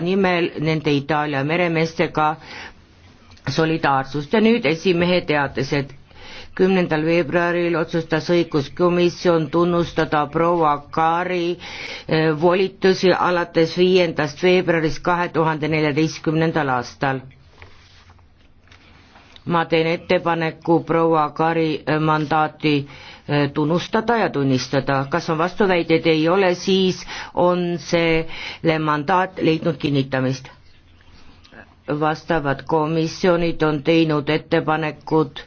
nimel nende Itaalia meremeestega solidaarsust ja nüüd esimehe teatised. kümnendal veebruaril otsustas õiguskomisjon tunnustada proua Kaari eh, volitusi alates viiendast veebruarist kahe tuhande neljateistkümnendal aastal ma teen ettepaneku proua Kari äh, mandaati äh, tunnustada ja tunnistada, kas on vastuväiteid, ei ole, siis on selle mandaat leidnud kinnitamist. vastavad komisjonid on teinud ettepanekud